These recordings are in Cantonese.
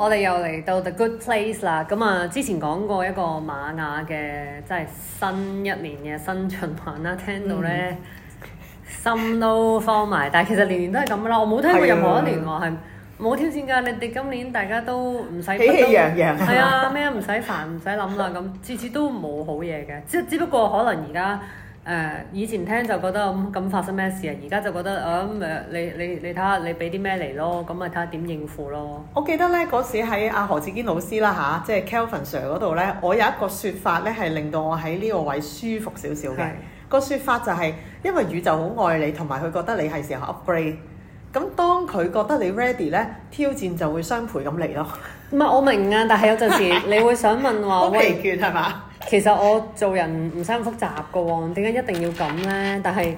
我哋又嚟到 The Good Place 啦，咁、嗯、啊之前講過一個瑪雅嘅即係新一年嘅新循環啦，聽到咧、嗯、心都慌埋，但係其實年年都係咁噶啦，我冇聽過任何一年話係冇挑戰㗎，你哋今年大家都唔使樣樣係啊，咩唔使煩唔使諗啦，咁次 次都冇好嘢嘅，只只不過可能而家。誒、uh, 以前聽就覺得咁、嗯、發生咩事啊？而家就覺得啊、嗯、你你你睇下你俾啲咩嚟咯？咁咪睇下點應付咯。我記得呢嗰時喺阿、啊、何志堅老師啦吓、啊，即係 Kelvin Sir 嗰度呢，我有一個説法呢，係令到我喺呢個位舒服少少嘅。是個説法就係、是、因為宇宙好愛你，同埋佢覺得你係時候 upgrade。咁當佢覺得你 ready 呢，挑戰就會雙倍咁嚟咯。唔係我明啊，但係有陣時 你會想問我：「好疲倦係嘛？喂其實我做人唔使咁複雜噶，點解一定要咁咧？但係。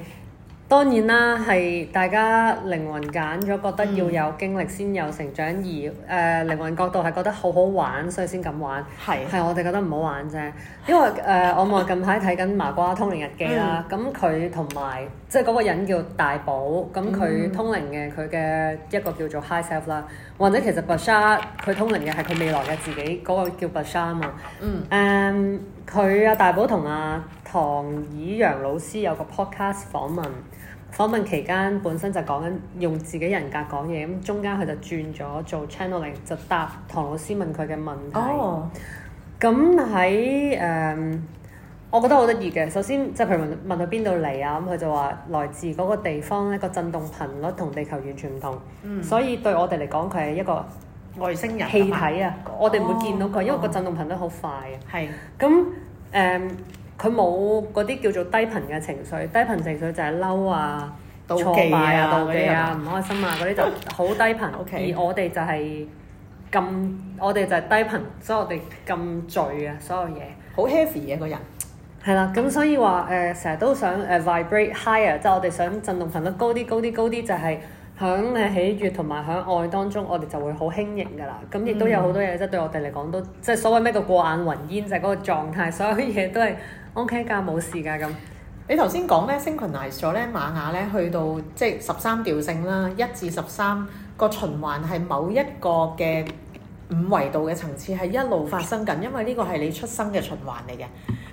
當然啦，係大家靈魂揀咗，覺得要有經歷先有成長，嗯、而誒、呃、靈魂角度係覺得好好玩，所以先咁玩。係，係我哋覺得唔好玩啫。因為誒、呃，我咪近排睇緊《麻瓜通靈日記》啦。咁佢同埋即係嗰個人叫大寶，咁佢通靈嘅佢嘅一個叫做 High Self 啦，或者其實 Bashar 佢通靈嘅係佢未來嘅自己嗰、那個叫 Bashar 啊嘛。嗯、um，啊。佢阿大寶同阿唐以揚老師有個 podcast 訪問。訪問期間本身就講緊用自己人格講嘢，咁中間佢就轉咗做 channeling，就答唐老師問佢嘅問題。哦，咁喺誒，我覺得好得意嘅。首先，即係譬如問問佢邊度嚟啊，咁佢就話來自嗰個地方咧，個震動頻率同地球完全唔同，所以對我哋嚟講佢係一個外星人氣體啊。我哋唔會見到佢，因為個震動頻率好快啊。係。咁誒。佢冇嗰啲叫做低頻嘅情緒，低頻情緒就係嬲啊、妒忌啊、妒忌啊、唔、啊啊、開心啊嗰啲 就好低頻。Okay. 而我哋就係咁，我哋就係低頻，所以我哋咁醉啊，所有嘢好 heavy 嘅、啊、個人。係啦，咁所以話誒，成、呃、日都想誒、呃、vibrate higher，即係我哋想振動頻率高啲、高啲、高啲，就係喺誒喜悅同埋喺愛當中，我哋就會好輕盈㗎啦。咁亦都有好多嘢，即係對我哋嚟講都即係所謂咩叫過眼雲煙，就係嗰個狀態，所有嘢都係。O.K. 㗎，冇事㗎咁。你頭先講咧，synchronise 咗咧，瑪雅咧去到即係十三調性啦，一至十三個循環係某一個嘅五維度嘅層次係一路發生緊，因為呢個係你出生嘅循環嚟嘅。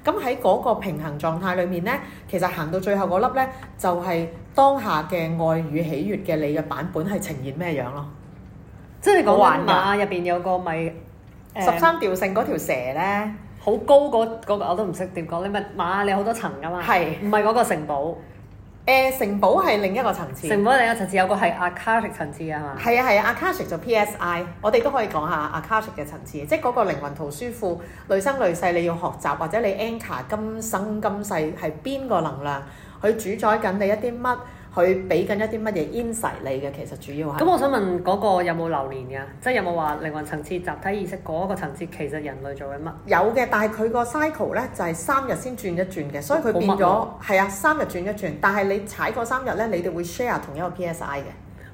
咁喺嗰個平衡狀態裡面咧，其實行到最後嗰粒咧，就係當下嘅愛與喜悅嘅你嘅版本係呈現咩樣咯？即係你講緊瑪雅入邊有個咪十三調性嗰條蛇咧。好高嗰、嗰個我都唔識點講，你咪馬你好多層噶嘛，唔係嗰個城堡，誒、呃、城堡係另一個層次，城堡另一個層次有個係阿卡什層次係嘛？係啊，係啊，阿卡什就 P S I，我哋都可以講下阿卡什嘅層次，即係嗰個靈魂圖書庫，累生累世你要學習，或者你 anchor 今生今世係邊個能量，佢主宰緊你一啲乜？佢俾緊一啲乜嘢 insight 你嘅，其實主要係。咁我想問嗰、嗯、個有冇流年㗎？即係有冇話靈魂層次集體意識嗰一個層次，其實人類做緊乜？有嘅，但係佢個 cycle 呢就係、是、三日先轉一轉嘅，所以佢變咗。係、哦、啊，三日轉一轉，但係你踩過三日呢，你哋會 share 同一個 PSI 嘅。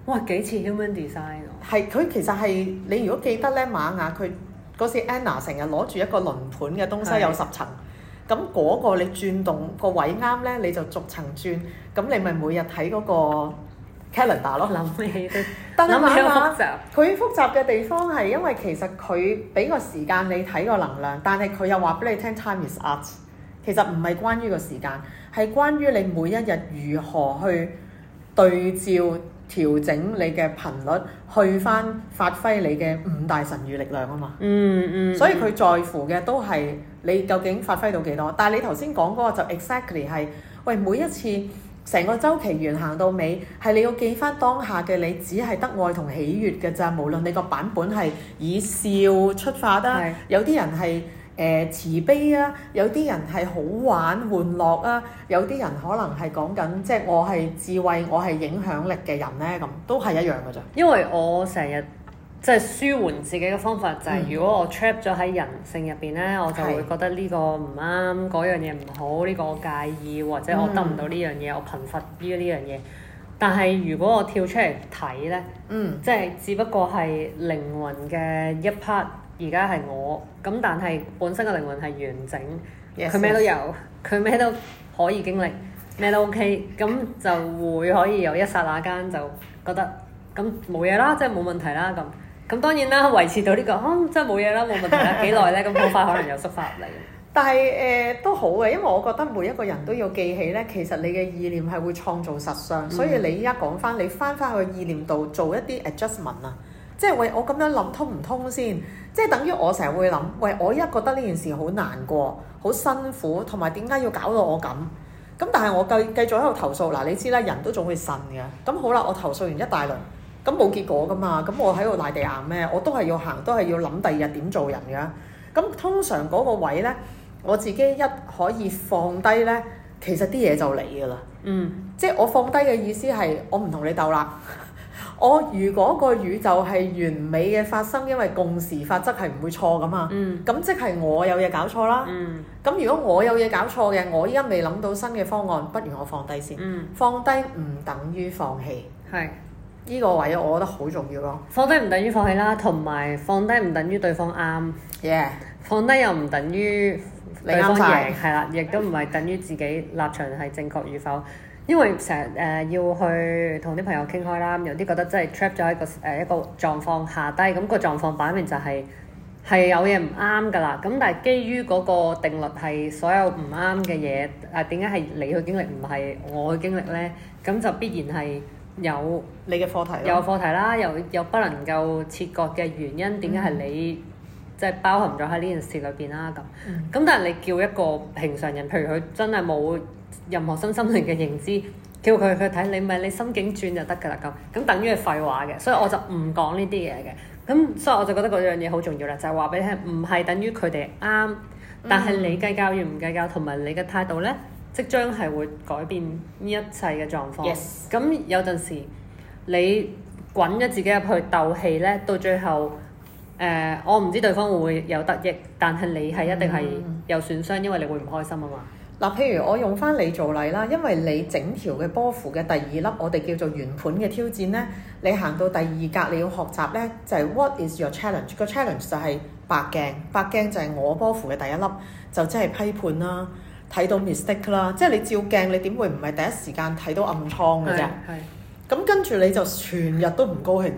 哇！幾似 human design 啊。係，佢其實係你如果記得呢，瑪雅佢嗰時 Anna 成日攞住一個輪盤嘅東西，的有十層。咁嗰個你轉動個位啱咧，你就逐層轉。咁你咪每日睇嗰個 calendar 咯。諗起都諗下。佢複雜嘅地方係因為其實佢俾個時間你睇個能量，但係佢又話俾你聽 time is art。其實唔係關於個時間，係關於你每一日如何去對照。調整你嘅頻率，去翻發揮你嘅五大神與力量啊嘛！嗯嗯，嗯，所以佢在乎嘅都係你究竟發揮到幾多？但係你頭先講嗰個就 exactly 係，喂每一次成個週期完行到尾，係你要記翻當下嘅你，只係得愛同喜悅嘅咋，無論你個版本係以笑出發啦，是有啲人係。誒、呃、慈悲啊！有啲人係好玩玩樂啊，有啲人可能係講緊即係我係智慧，我係影響力嘅人呢，咁都係一樣嘅咋，因為我成日即係舒緩自己嘅方法就係、係，如果我 trap 咗喺人性入邊呢，嗯、我就會覺得呢個唔啱，嗰樣嘢唔好，呢、呢個我介意，或者我得唔到呢樣嘢，嗯、我貧乏於呢樣嘢。但係如果我跳出嚟睇呢，嗯，即係只不過係靈魂嘅一 part。而家係我，咁但係本身嘅靈魂係完整，佢咩 Yes, 都有，佢咩 yes. 都可以經歷，咩都 OK，咁就會可以有一剎那間就覺得，咁冇嘢啦，即係冇問題啦咁。咁當然啦，維持到呢、這個，即、哦、真係冇嘢啦，冇問題啦，幾耐咧？咁好快可能又縮翻入嚟。 但係誒、呃、都好嘅，因為我覺得每一個人都要記起咧，其實你嘅意念係會創造實相，嗯、所以你依家講翻，你翻翻去意念度做一啲 adjustment 啊。即係喂，我咁樣諗通唔通先？即係等於我成日會諗，喂，我一覺得呢件事好難過、好辛苦，同埋點解要搞到我咁？咁但係我繼繼續喺度投訴，嗱、呃，你知啦，人都仲會呻嘅。咁好啦，我投訴完一大輪，咁冇結果噶嘛？咁我喺度賴地硬咩？我都係要行，都係要諗第二日點做人嘅。咁通常嗰個位呢，我自己一可以放低呢，其實啲嘢就嚟噶啦。嗯，即係我放低嘅意思係，我唔同你鬥啦。我如果個宇宙係完美嘅發生，因為共時法則係唔會錯㗎嘛。嗯。咁即係我有嘢搞錯啦。嗯。咁如果我有嘢搞錯嘅，我依家未諗到新嘅方案，不如我放低先。嗯。放低唔等於放棄。係是。呢個位我覺得好重要咯。放低唔等於放棄啦，同埋放低唔等於對方啱。y Yeah. 放低又唔等於對方贏，係啦，亦都唔係等於自己立場係正確與否。因為成日誒要去同啲朋友傾開啦，有啲覺得真係 trap 咗喺一個誒、呃、一個狀況下低，咁、那個狀況擺明就係、是、係有嘢唔啱噶啦。咁但係基於嗰個定律係所有唔啱嘅嘢，誒點解係你去經歷唔係我嘅經歷咧？咁就必然係有你嘅課題，有課題啦，又又不能夠切割嘅原因，點解係你即係、嗯、包含咗喺呢件事裏邊啦？咁咁、嗯、但係你叫一個平常人，譬如佢真係冇。任何身心靈嘅認知，叫佢去睇你，咪你心境轉就得㗎啦咁，咁等於係廢話嘅，所以我就唔講呢啲嘢嘅。咁所以我就覺得嗰樣嘢好重要啦，就係話俾你聽，唔係等於佢哋啱，但係你計較與唔計較，同埋你嘅態度呢，即將係會改變呢一切嘅狀況。咁 Yes. 有陣時你滾咗自己入去鬥氣呢，到最後誒、呃，我唔知對方會唔會有得益，但係你係一定係有損傷，因為你會唔開心啊嘛。Mm hmm. 嗱，譬如我用翻你做例啦，因為你整條嘅波符嘅第二粒，我哋叫做圓盤嘅挑戰呢，你行到第二格，你要學習呢就係、是、what is your challenge？個 challenge 就係白鏡，白鏡就係我波符嘅第一粒，就即係批判啦，睇到 mistake 啦，即係你照鏡，你點會唔係第一時間睇到暗瘡嘅啫？咁跟住你就全日都唔高興。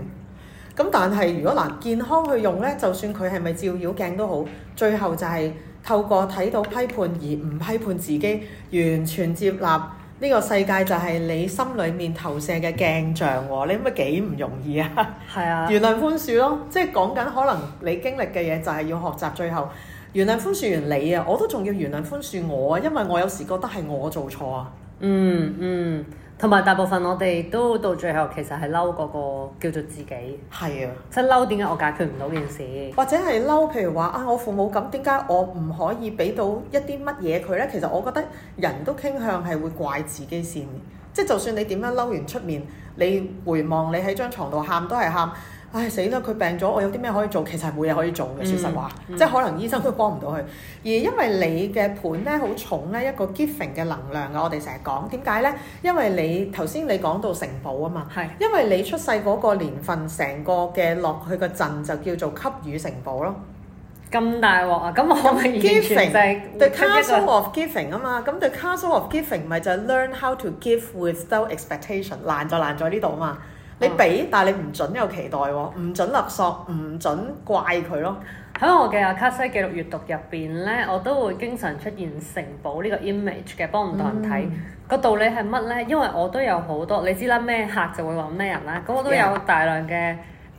咁但係如果嗱健康去用呢，就算佢係咪照妖鏡都好，最後就係、是。透過睇到批判而唔批判自己，完全接納呢個世界就係你心裡面投射嘅鏡像喎、哦，你咁咪幾唔容易啊？係啊，原諒寬恕咯，即係講緊可能你經歷嘅嘢就係要學習最後原諒寬恕完你啊，我都仲要原諒寬恕我啊，因為我有時覺得係我做錯啊。嗯嗯。同埋大部分我哋都到最後其實係嬲嗰個叫做自己。係啊，即係嬲點解我解決唔到件事？或者係嬲，譬如話啊，我父母咁點解我唔可以俾到一啲乜嘢佢咧？其實我覺得人都傾向係會怪自己先，即係就算你點樣嬲完出面，你回望你喺張床度喊都係喊。唉、哎、死啦！佢病咗，我有啲咩可以做？其實係冇嘢可以做嘅，說實話，即係可能醫生都幫唔到佢。而因為你嘅盤咧好重咧，一個 giving 嘅能量嘅，我哋成日講點解咧？因為你頭先你講到城堡啊嘛，係是因為你出世嗰個年份，成個嘅落去個陣就叫做給予城堡咯。咁大鑊啊！咁我咪 giving 完全就係對 castle of giving 啊嘛。咁對 castle of giving 咪就 learn how to give without expectation，難就難在呢度啊嘛。你俾，但係你唔準有期待喎，唔準勒索，唔準怪佢咯。喺我嘅阿卡西記錄閲讀入邊咧，我都會經常出現城堡呢個 image 嘅，幫唔到人睇。個、嗯、道理係乜咧？因為我都有好多，你知啦，咩客就會話咩人啦。咁、那、我、個、都有大量嘅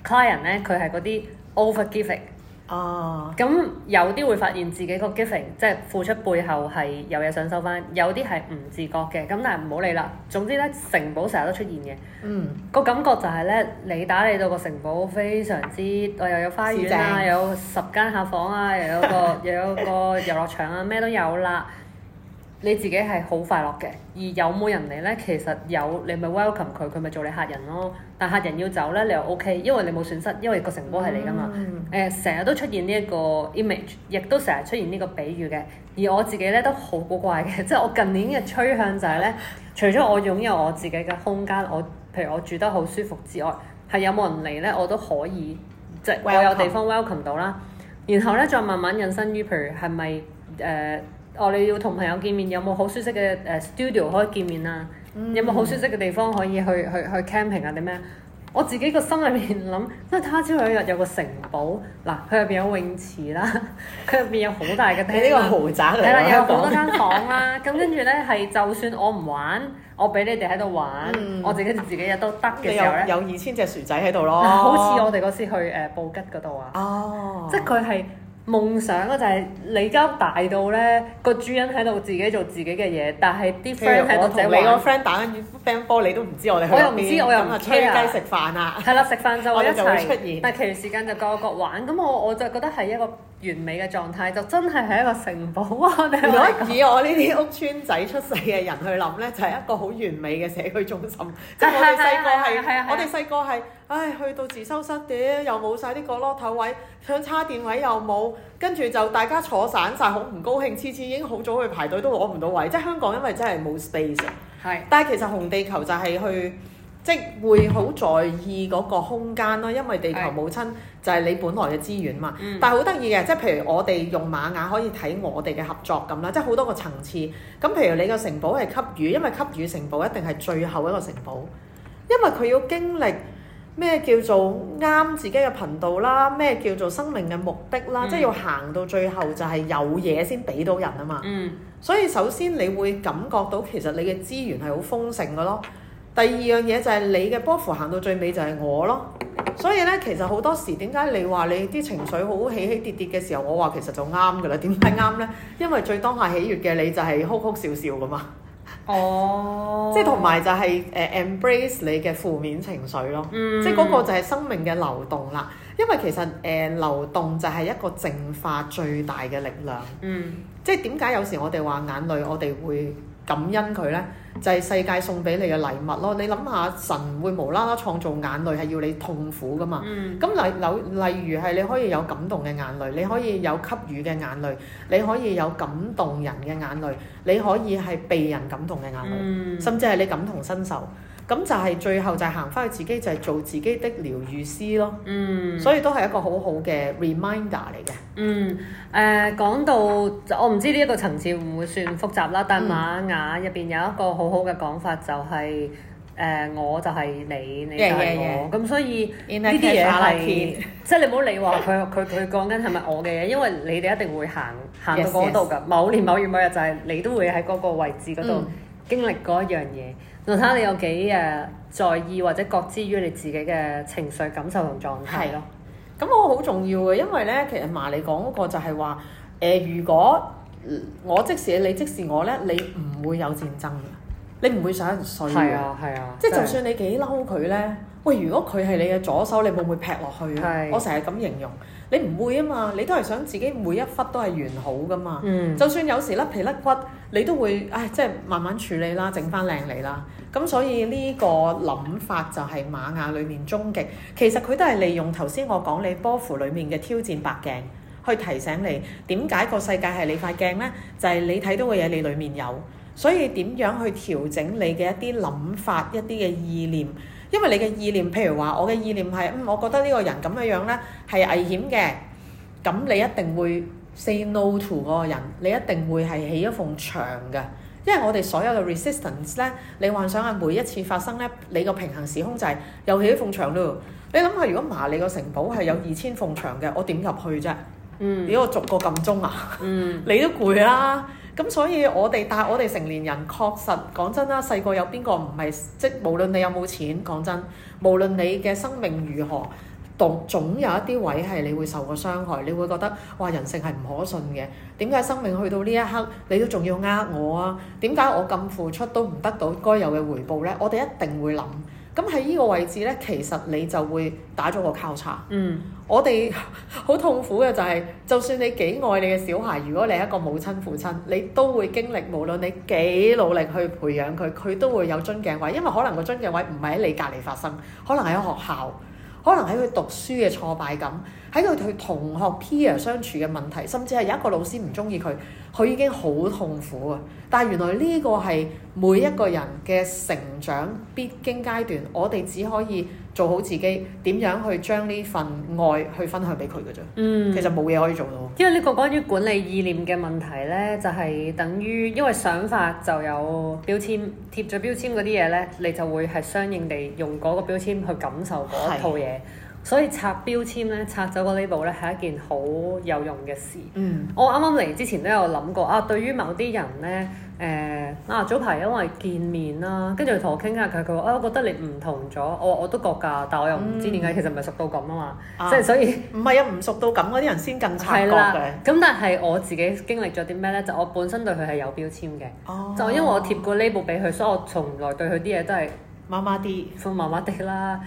client 咧，佢係嗰啲 overgiving，哦，咁、oh. 有啲會發現自己個 giving，即係付出背後係有嘢想收翻，有啲係唔自覺嘅，咁但係唔好理啦。總之咧，城堡成日都出現嘅，嗯，mm. 個感覺就係咧，你打理到個城堡非常之，我、哦、又有花園啊，又有十間客房啊，又有個 又有個遊樂場啊，咩都有啦。你自己係好快樂嘅，而有冇人嚟呢？其實有，你咪 welcome 佢，佢咪做你客人咯。但客人要走呢，你又 OK，因為你冇損失，因為個成果係你噶嘛。誒、嗯，成日、呃、都出現呢一個 image，亦都成日出現呢個比喻嘅。而我自己呢，都好古怪嘅，即係我近年嘅趨向就係呢：除咗我擁有我自己嘅空間，我譬如我住得好舒服之外，係有冇人嚟呢？我都可以即我有地方 welcome 到啦。然後呢，再慢慢引申於譬如係咪誒？是我哋、哦、要同朋友見面，有冇好舒適嘅誒、呃、studio 可以見面啊？嗯、有冇好舒適嘅地方可以去、嗯、去去，去 camping 啊？定咩？我自己個心裏面諗，即係他朝有一日有個城堡，嗱佢入邊有泳池啦，佢入邊有好大嘅地，你呢個豪宅嚟嘅啦，有好多間房啦、啊。咁跟住咧係，就算我唔玩，我俾你哋喺度玩，嗯、我自己自己日都得嘅時候咧，有二千隻薯仔喺度咯。好似我哋嗰次去誒、呃、布吉嗰度啊，哦，即係佢係。夢想啊，就係你間大到咧，個主人喺度自己做自己嘅嘢，但係啲 friend 喺度正，你個 friend 打緊 friend 波你都唔知我哋去面咁啊，我又我又吹雞食飯啊！係啦，食飯就一 我哋就出現，但係其他時間就各個玩。咁我我就覺得係一個完美嘅狀態，就真係係一個城堡啊！如 果以我呢啲屋村仔出世嘅人去諗咧， 就係一個好完美嘅社區中心。 即係我哋細個係， 我哋細個係。 唉，去到自修室嘅又冇晒啲角落頭位，想叉電位又冇，跟住就大家坐散晒，好唔高興。次次已經好早去排隊都攞唔到位，即係香港因為真係冇 space。係是。但係其實紅地球就係去，即係會好在意嗰個空間咯，因為地球母親就係你本來嘅資源嘛。是但係好得意嘅，即係譬如我哋用瑪雅可以睇我哋嘅合作咁啦，即係好多個層次。咁譬如你個城堡係給予，因為給予城堡一定係最後一個城堡，因為佢要經歷。咩叫做啱自己嘅頻道啦？咩叫做生命嘅目的啦？嗯、即係要行到最後就係有嘢先俾到人啊嘛。嗯、所以首先你會感覺到其實你嘅資源係好豐盛㗎咯。第二樣嘢就係你嘅波幅行到最尾就係我咯。所以咧其實好多時點解你話你啲情緒好起起跌跌嘅時候，我話其實就啱㗎啦。點解啱呢？因為最當下喜悅嘅你就係哭哭笑笑噶嘛。哦，oh. 即係同埋就係誒 embrace 你嘅負面情緒咯，mm. 即係嗰個就係生命嘅流動啦。因為其實誒、呃、流動就係一個淨化最大嘅力量，mm. 即係點解有時我哋話眼淚我哋會感恩佢呢？就係世界送俾你嘅禮物咯，你諗下神會無啦啦創造眼淚係要你痛苦㗎嘛？咁例、嗯、例如係你可以有感動嘅眼淚，你可以有給予嘅眼淚，你可以有感動人嘅眼淚，你可以係被人感動嘅眼淚，嗯、甚至係你感同身受。咁就係最後就係行翻去自己就係、是、做自己的療愈師咯。嗯，所以都係一個好好嘅 reminder 嚟嘅。嗯，誒、呃、講到我唔知呢一個層次會唔會算複雜啦。但瑪雅入邊有一個好好嘅講法、就是，就係誒我就係你，你就係我。咁、yeah, yeah, yeah. 所以呢啲嘢係即係你唔好理話佢佢佢講緊係咪我嘅嘢，因為你哋一定會行行到嗰度㗎。Yes, yes. 某年某月某日就係你都會喺嗰個位置嗰度、嗯、經歷嗰一樣嘢。睇下你有幾誒在意或者覺知於你自己嘅情緒感受同狀態。係咯的，咁我好重要嘅，因為咧，其實麻你講嗰個就係、是、話，誒、呃、如果我即使你即使我咧，你唔會有戰爭嘅，你唔會想睡。」㗎。係啊，係啊。即係就算你幾嬲佢咧，喂，如果佢係你嘅左手，你會唔會劈落去？的我成日咁形容。你唔會啊嘛，你都係想自己每一忽都係完好噶嘛。嗯、就算有時甩皮甩骨，你都會唉，即係慢慢處理啦，整翻靚你啦。咁所以呢個諗法就係瑪雅裡面終極。其實佢都係利用頭先我講你波符裡面嘅挑戰白鏡，去提醒你點解個世界係你塊鏡呢？就係，是，你睇到嘅嘢你裡面有。所以點樣去調整你嘅一啲諗法、一啲嘅意念？因為你嘅意念，譬如話我嘅意念係，嗯，我覺得呢個人咁樣樣呢係危險嘅，咁你一定會 say no to 嗰個人，你一定會係起一埲牆嘅。因為我哋所有嘅 resistance 呢，你幻想下每一次發生呢，你個平行時空就係又起一埲牆度。你諗下，如果麻利個城堡係有二千埲牆嘅，我點入去啫？嗯，俾我逐個撳鐘啊！嗯、 你都攰啦。咁所以我哋但係我哋成年人確實講真啦，細個有邊個唔係即係無論你有冇錢，講真，無論你嘅生命如何，都總有一啲位係你會受過傷害，你會覺得哇，人性係唔可信嘅。點解生命去到呢一刻，你都仲要呃我啊？點解我咁付出都唔得到該有嘅回報呢？我哋一定會諗。咁喺呢個位置呢，其實你就會打咗個交叉。嗯，我哋好 痛苦嘅就係，就算你幾愛你嘅小孩，如果你係一個母親、父親，你都會經歷，無論你幾努力去培養佢，佢都會有樽頸位，因為可能個樽頸位唔係喺你隔離發生，可能喺學校，可能喺佢讀書嘅挫敗感。喺佢同同學 peer 相處嘅問題，甚至係有一個老師唔中意佢，佢已經好痛苦啊！但係原來呢個係每一個人嘅成長必經階段，嗯、我哋只可以做好自己，點樣去將呢份愛去分享俾佢嘅啫。嗯，其實冇嘢可以做到。因為呢個關於管理意念嘅問題呢，就係、是、等於因為想法就有標籤貼咗標籤嗰啲嘢呢，你就會係相應地用嗰個標籤去感受嗰一套嘢。所以拆標籤咧，拆走個呢部咧，係一件好有用嘅事。嗯，我啱啱嚟之前都有諗過啊。對於某啲人咧，誒、呃、啊，早排因為見面啦，跟住同我傾下，佢佢話啊，我覺得你唔同咗。我我都覺㗎，但係我又唔知點解，其實唔係熟到咁啊嘛。即係、嗯、所以唔係啊，唔熟到咁嗰啲人先更察覺嘅。咁但係我自己經歷咗啲咩咧？就是、我本身對佢係有標籤嘅。哦、就因為我貼過呢步俾佢，所以我從來對佢啲嘢都係。麻麻啲，麻麻啲啦，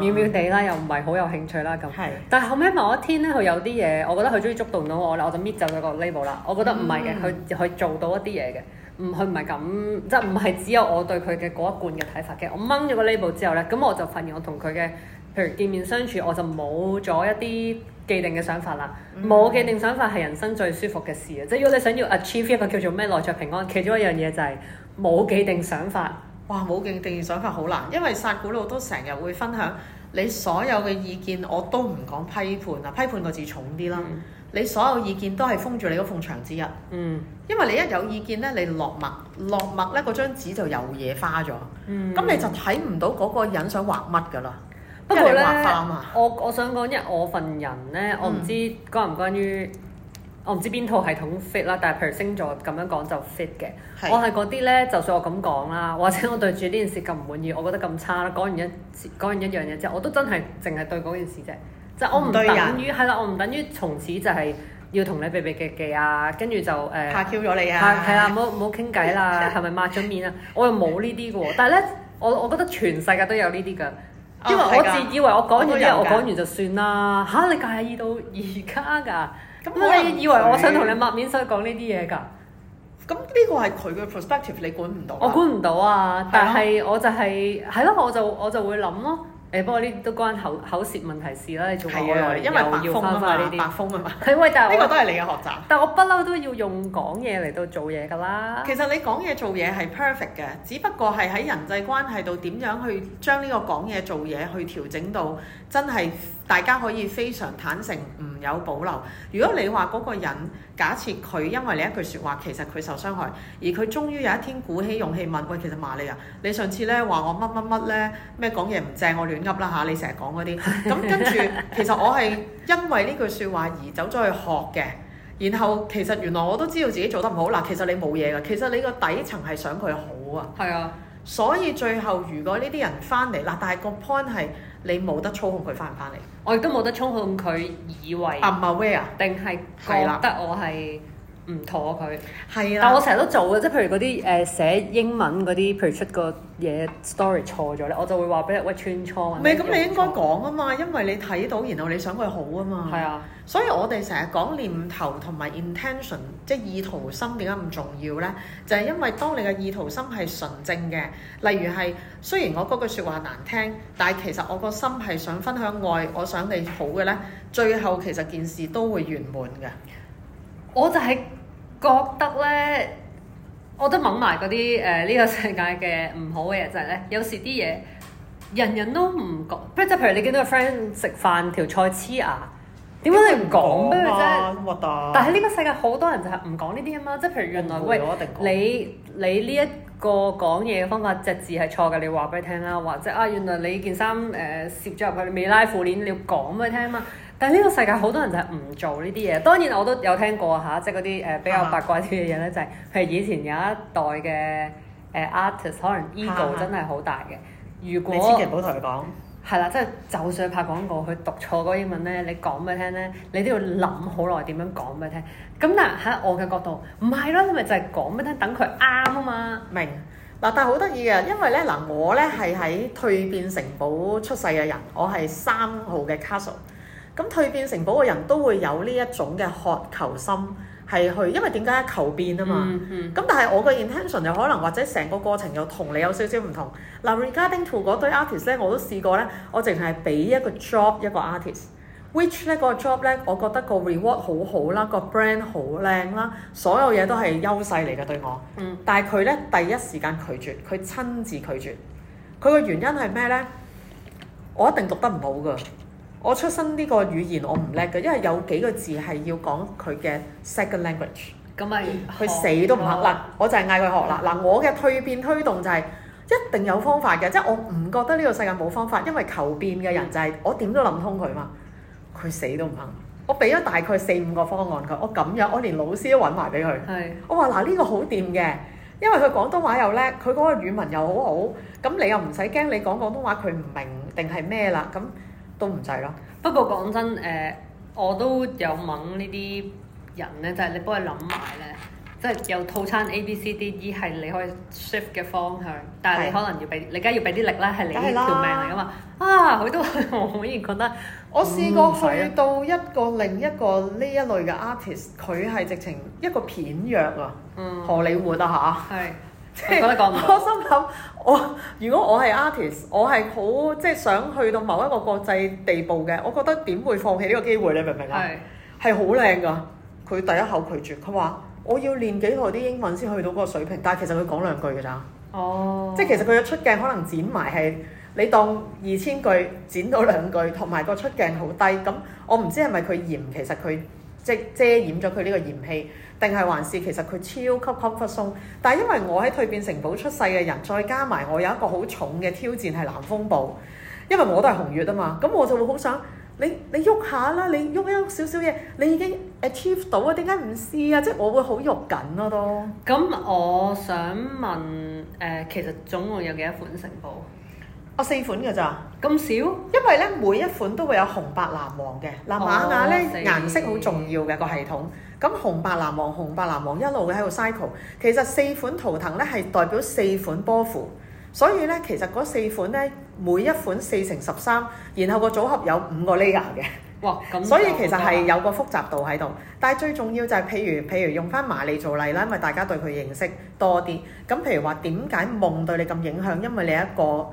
妙妙哋啦，又唔係好有興趣啦咁。係，的但係後尾某一天咧，佢有啲嘢，我覺得佢終於觸動到我啦，我就搣走佢個 label 啦。我覺得唔係嘅，佢佢、嗯、做到一啲嘢嘅，唔佢唔係咁，即係唔係只有我對佢嘅嗰一貫嘅睇法嘅。我掹咗個 label 之後咧，咁我就發現我同佢嘅，譬如見面相處，我就冇咗一啲既定嘅想法啦。冇、嗯、既定想法係人生最舒服嘅事啊！嗯、即係如果你想要 achieve 一個叫做咩內在平安，其中一樣嘢就係、是、冇既定想法。哇！冇勁定義想法好難，因為殺古佬都成日會分享你所有嘅意見，我都唔講批判啊，批判個字重啲啦。嗯、你所有意見都係封住你嗰埲牆之一。嗯，因為你一有意見咧，你落墨落墨咧，嗰張紙就有嘢花咗。嗯，咁你就睇唔到嗰個人想畫乜㗎喇。不過咧，我我想講，因為我份人咧，我唔知關唔關於。嗯我唔知邊套系統 fit 啦，但係譬如星座咁樣講就 fit 嘅。是我係嗰啲咧，就算我咁講啦，或者我對住呢件事咁唔滿意，我覺得咁差啦，講完一講完一樣嘢之後，我都真係淨係對嗰件事啫，就我唔等於係啦、啊，我唔等於從此就係要同你避避忌忌啊，跟住就誒，怕 Q 咗你啊，係啦，唔好傾偈啦，係咪抹咗面啊？我又冇呢啲嘅喎，但係咧，我我覺得全世界都有呢啲㗎，啊、因為我，的我自以為我講完之後我，我講完就算啦，嚇你介意到而家㗎？咁你以為我想同你抹面，所以講呢啲嘢㗎，咁呢個係佢嘅 perspective，你管唔到。我管唔到啊，但係我就係係咯，我就我就會諗咯。誒，不過呢都關口口舌問題事啦。係啊，因為要翻翻呢啲，發瘋啊嘛。係，喂，但係呢個都係你嘅學習。但我不嬲都要用講嘢嚟到做嘢㗎啦。其實你講嘢做嘢係 perfect 嘅，只不過係喺人際關係度點樣去將呢個講嘢做嘢去調整到真係。大家可以非常坦誠，唔有保留。如果你話嗰個人，假設佢因為你一句説話，其實佢受傷害，而佢終於有一天鼓起勇氣問，喂，其實麻利啊，你上次咧話我乜乜乜咧，咩講嘢唔正，我亂噏啦嚇，你成日講嗰啲。咁 跟住，其實我係因為呢句説話而走咗去學嘅。然後其實原來我都知道自己做得唔好。嗱，其實你冇嘢㗎，其實你個底層係想佢好啊。係啊。所以最後如果呢啲人翻嚟，嗱，但係個 point 係。你冇得操控佢翻唔翻嚟，我亦都冇得操控佢以為啊唔係 wear 定係覺得我係唔妥佢係啦，但我成日都做嘅，即係譬如嗰啲誒寫英文嗰啲，譬如出個嘢 story 錯咗咧，我就會話俾你喂穿錯啊！唔係，咁你，你應該講啊嘛，因為你睇到，然後你想佢好啊嘛。係啊的，所以我哋成日講念頭同埋 intention，即係意圖心點解咁重要咧？就係、是、因為當你嘅意圖心係純正嘅，例如係雖然我嗰句説話難聽，但係其實我個心係想分享愛，我想你好嘅咧，最後其實件事都會圓滿嘅。我就係覺得咧，我都掹埋嗰啲誒呢個世界嘅唔好嘅嘢就係、是、咧，有時啲嘢人人都唔講，即係譬如你見到個 friend 食飯條菜黐牙，點解你唔講俾佢啫？但係呢個世界好多人就係唔講呢啲啊嘛，即係譬如原來、嗯、喂，你你呢一個講嘢嘅方法隻字係錯嘅，你話俾佢聽啦，或者啊原來你件衫誒攝咗入去未拉褲鏈，你要講俾佢聽啊嘛。但係呢個世界好多人就係唔做呢啲嘢，當然我都有聽過嚇、啊，即係嗰啲誒比較八卦啲嘅嘢咧，啊、就係、是、譬如以前有一代嘅誒 artist，可能 ego、啊、真係好大嘅。如果你千祈唔好同佢講，係啦，即、就、係、是、就算拍廣告，佢讀錯個英文咧，你講俾佢聽咧，你都要諗好耐點樣講俾佢聽。咁但係喺我嘅角度，唔係咯，你咪就係講俾佢聽，等佢啱啊嘛。明嗱，但係好得意嘅，因為咧嗱、呃，我咧係喺蛻變城堡出世嘅人，我係三號嘅 castle。咁蛻變成嗰個人都會有呢一種嘅渴求心，係去，因為點解求變啊嘛。咁、mm hmm. 但係我嘅 intention 又可能或者成個過程又同你有少少唔同。嗱、mm hmm.，regarding to 嗰堆 artist 咧，我都試過咧，我淨係俾一個 job 一個 artist，which、mm hmm. 咧、個 job 咧，我覺得個 reward 好好啦，個 brand 好靚啦，所有嘢都係優勢嚟嘅對我。Mm hmm. 但係佢咧第一時間拒絕，佢親自拒絕。佢個原因係咩咧？我一定讀得唔好噶。我出生呢個語言我唔叻嘅，因為有幾個字係要講佢嘅 second language。咁咪佢死都唔肯了啦！我就係嗌佢學啦。嗱，我嘅退變推動就係一定有方法嘅，即係我唔覺得呢個世界冇方法，因為求變嘅人就係，嗯，我點都諗通佢嘛。佢死都唔肯。我俾咗大概四五個方案佢，我咁樣，我連老師都揾埋俾佢。係是。我話嗱，呢個好掂嘅，因為佢廣東話又叻，佢嗰個語文又好好，咁你又唔使驚你講廣東話佢唔明定係咩啦，咁。都唔制咯。不過講真，誒、呃、我都有問呢啲人咧，就係、是、你幫佢諗埋咧，即、就、係、是、有套餐 A、B、C、D、E 係你可以 shift 嘅方向，但係你可能要俾的你梗家係要俾啲力啦，係你條命嚟噶嘛。啊，佢都 我忽然覺得，我試過去到一個、嗯、另一個呢一類嘅 artist，佢係直情一個片約啊，荷里、嗯、活得嚇。即係我，我心諗，我如果我係 artist，我係好即係想去到某一個國際地步嘅，我覺得點會放棄呢個機會呢？明唔明啊？係係好靚㗎！佢、嗯、第一口拒絕，佢話我要練幾耐啲英文先去到嗰個水平，但係其實佢講兩句㗎咋。哦，即係其實佢嘅出鏡可能剪埋係你當二千句剪到兩句，同埋個出鏡好低。咁我唔知係咪佢嫌其實佢。即遮掩咗佢呢個嫌棄，定係還是其實佢超級 relaxing？但係因為我喺蛻變城堡出世嘅人，再加埋我有一個好重嘅挑戰係藍風暴，因為我都係紅月啊嘛，咁我就會好想你，你喐下啦，你喐一喐少少嘢，你已經 achieve 到一啲，點解唔試啊？即係我會好肉緊咯都。咁我想問誒、呃，其實總共有幾多款城堡？我四款㗎咋，咁少？因為咧，每一款都會有紅白藍黃嘅。嗱，瑪雅咧顏色好重要嘅個系統。咁紅白藍黃，紅白藍黃一路會喺度 cycle。其實四款圖騰咧係代表四款波符，所以咧其實嗰四款咧，每一款四乘十三，然後個組合有五個 layer 嘅。哇！咁所以其實係有個複雜度喺度。但係最重要就係譬如譬如用返麻利做例啦，因為大家對佢認識多啲。咁譬如話點解夢對你咁影響？因為你一個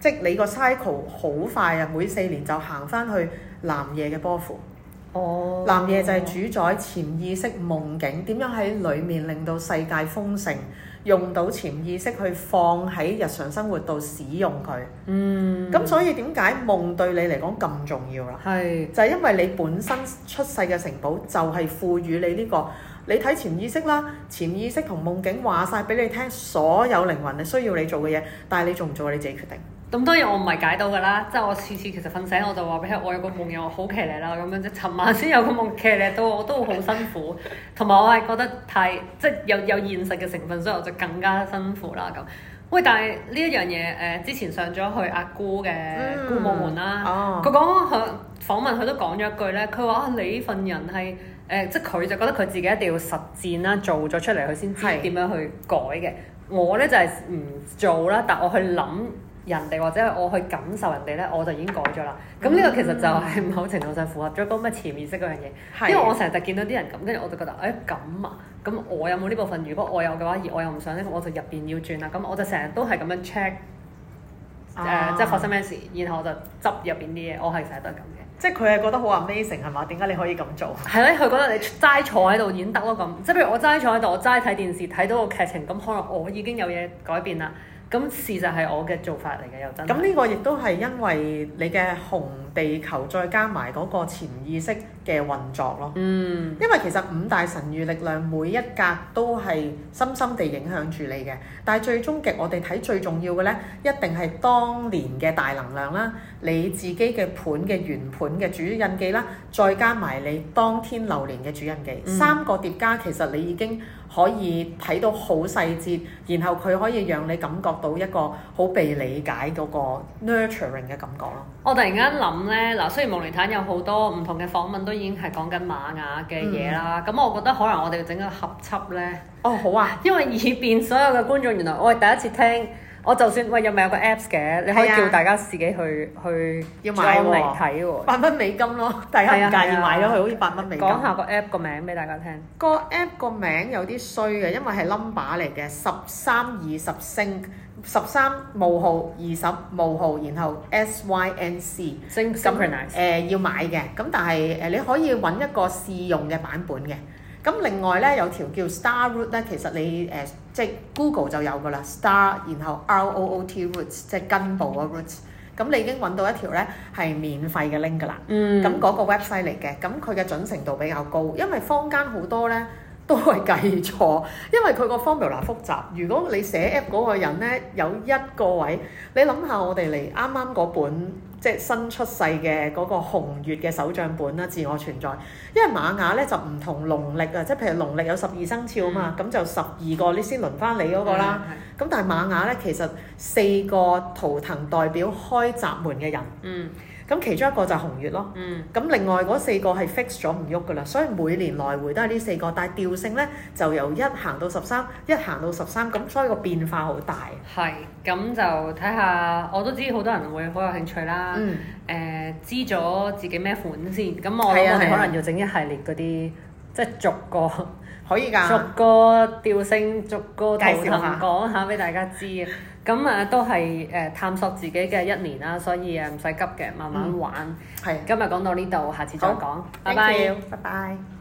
即你個 cycle 好快啊！每四年就行翻去南夜嘅波符。哦。Oh. 南夜就係主宰潛意識夢境，點樣喺裏面令到世界豐盛，用到潛意識去放喺日常生活度使用佢。嗯。咁所以點解夢對你嚟講咁重要啦？係。Mm. 就係因為你本身出世嘅城堡就係賦予你呢個，你睇潛意識啦，潛意識同夢境話晒俾你聽，所有靈魂你需要你做嘅嘢，但係你做唔做你自己決定。咁當然我唔係解到㗎啦，即係我次次其實瞓醒我就話俾佢，我有個夢，好騎呢啦，咁樣，即尋晚先有個夢，騎呢到我，我都好辛苦，同埋我係覺得太即係有有現實嘅成分，所以我就更加辛苦啦咁。喂，但係呢一樣嘢誒、呃，之前上咗去阿姑嘅顧問門啦，佢講佢訪問佢都講咗一句咧，佢話啊你份人係誒、呃，即係佢就覺得佢自己一定要實踐啦，做咗出嚟佢先知點樣去改嘅。是我咧就係、是、唔做啦，但我去諗。人哋或者我去感受人哋咧，我就已經改咗啦。咁呢個其實就係某程度上符合咗嗰個咩潛意識嗰樣嘢。的因為我成日就見到啲人咁，跟住我就覺得，誒、欸、咁啊，咁我有冇呢部分？如果我有嘅話，而我又唔想咧，我就入邊要轉啦。咁我就成日都係咁樣 check，誒即係發生咩事，然後我就執入邊啲嘢。我係成日都係咁嘅。即係佢係覺得好 amazing，係嘛？點解你可以咁做？係咯， 佢覺得你齋坐喺度演得咯咁。 即係譬如我齋坐喺度，我齋睇電視睇到個劇情，咁可能我已經有嘢改變啦。咁事實係我嘅做法嚟嘅，又真係。咁呢個亦都係因為你嘅紅地球，再加埋嗰個潛意識，嘅運作咯，嗯、因為其實五大神與力量每一格都係深深地影響住你嘅。但係最終極，我哋睇最重要嘅呢，一定係當年嘅大能量啦，你自己嘅盤嘅原盤嘅主印記啦，再加埋你當天流年嘅主印記、印記嗯、三個疊加，其實你已經可以睇到好細節，然後佢可以讓你感覺到一個好被理解嗰個 nurturing 嘅感覺咯。我突然間諗呢，嗱雖然夢妮妲有好多唔同嘅訪問。都已經係講緊瑪雅嘅嘢啦，咁、嗯嗯、我覺得可能我哋要整個合輯呢？哦，好啊，因為耳邊所有嘅觀眾原來我係第一次聽，我就算喂有咪有個 Apps 嘅，你可以叫大家自己去、啊、去裝嚟睇喎，百蚊、哦、美金咯，大家介意買咗佢、啊、好似八蚊美金。講下個 App 個名俾大家聽。個 App 個名有啲衰嘅，因為係 number 嚟嘅，十三二十星。十三冒號二十冒號，然後 S Y N C，synchronise 誒要買嘅，咁但係誒你可以揾一個試用嘅版本嘅，咁另外咧有條叫 Star Root 咧，其實你誒、呃、即係 Google 就有噶啦，Star 然後 R O O T Root 即係根部嘅 Root 咁你已經揾到一條咧係免費嘅 link 噶啦，咁嗰、嗯嗯、個 website 嚟嘅，咁佢嘅準程度比較高，因為坊間好多咧。都係計錯，因為佢個 formula 複雜。如果你寫 app 嗰個人呢，有一個位，你諗下我哋嚟啱啱嗰本，即係新出世嘅嗰個紅月嘅手帳本啦，自我存在。因為瑪雅呢就唔同農曆啊，即係譬如農曆有十二生肖啊嘛，咁、嗯、就十二個你先輪返你嗰個啦。咁、嗯嗯嗯、但係瑪雅呢，其實四個圖騰代表開閘門嘅人。嗯。咁其中一個就係紅月咯，咁、嗯、另外嗰四個係 fix 咗唔喐噶啦，所以每年來回都係呢四個，但係調性咧就由一行到十三，一行到十三，咁所以個變化好大。係，咁就睇下，我都知好多人會好有興趣啦。誒、嗯呃，知咗自己咩款先，咁、嗯、我我哋可能要整一系列嗰啲，啊啊、即係逐個可以㗎，逐個調性，逐個討論講下俾大家知。咁啊，嗯、都係誒探索自己嘅一年啦，所以誒唔使急嘅，慢慢玩。係、嗯，今日講到呢度，下次再講。好，拜拜。拜。Thank you.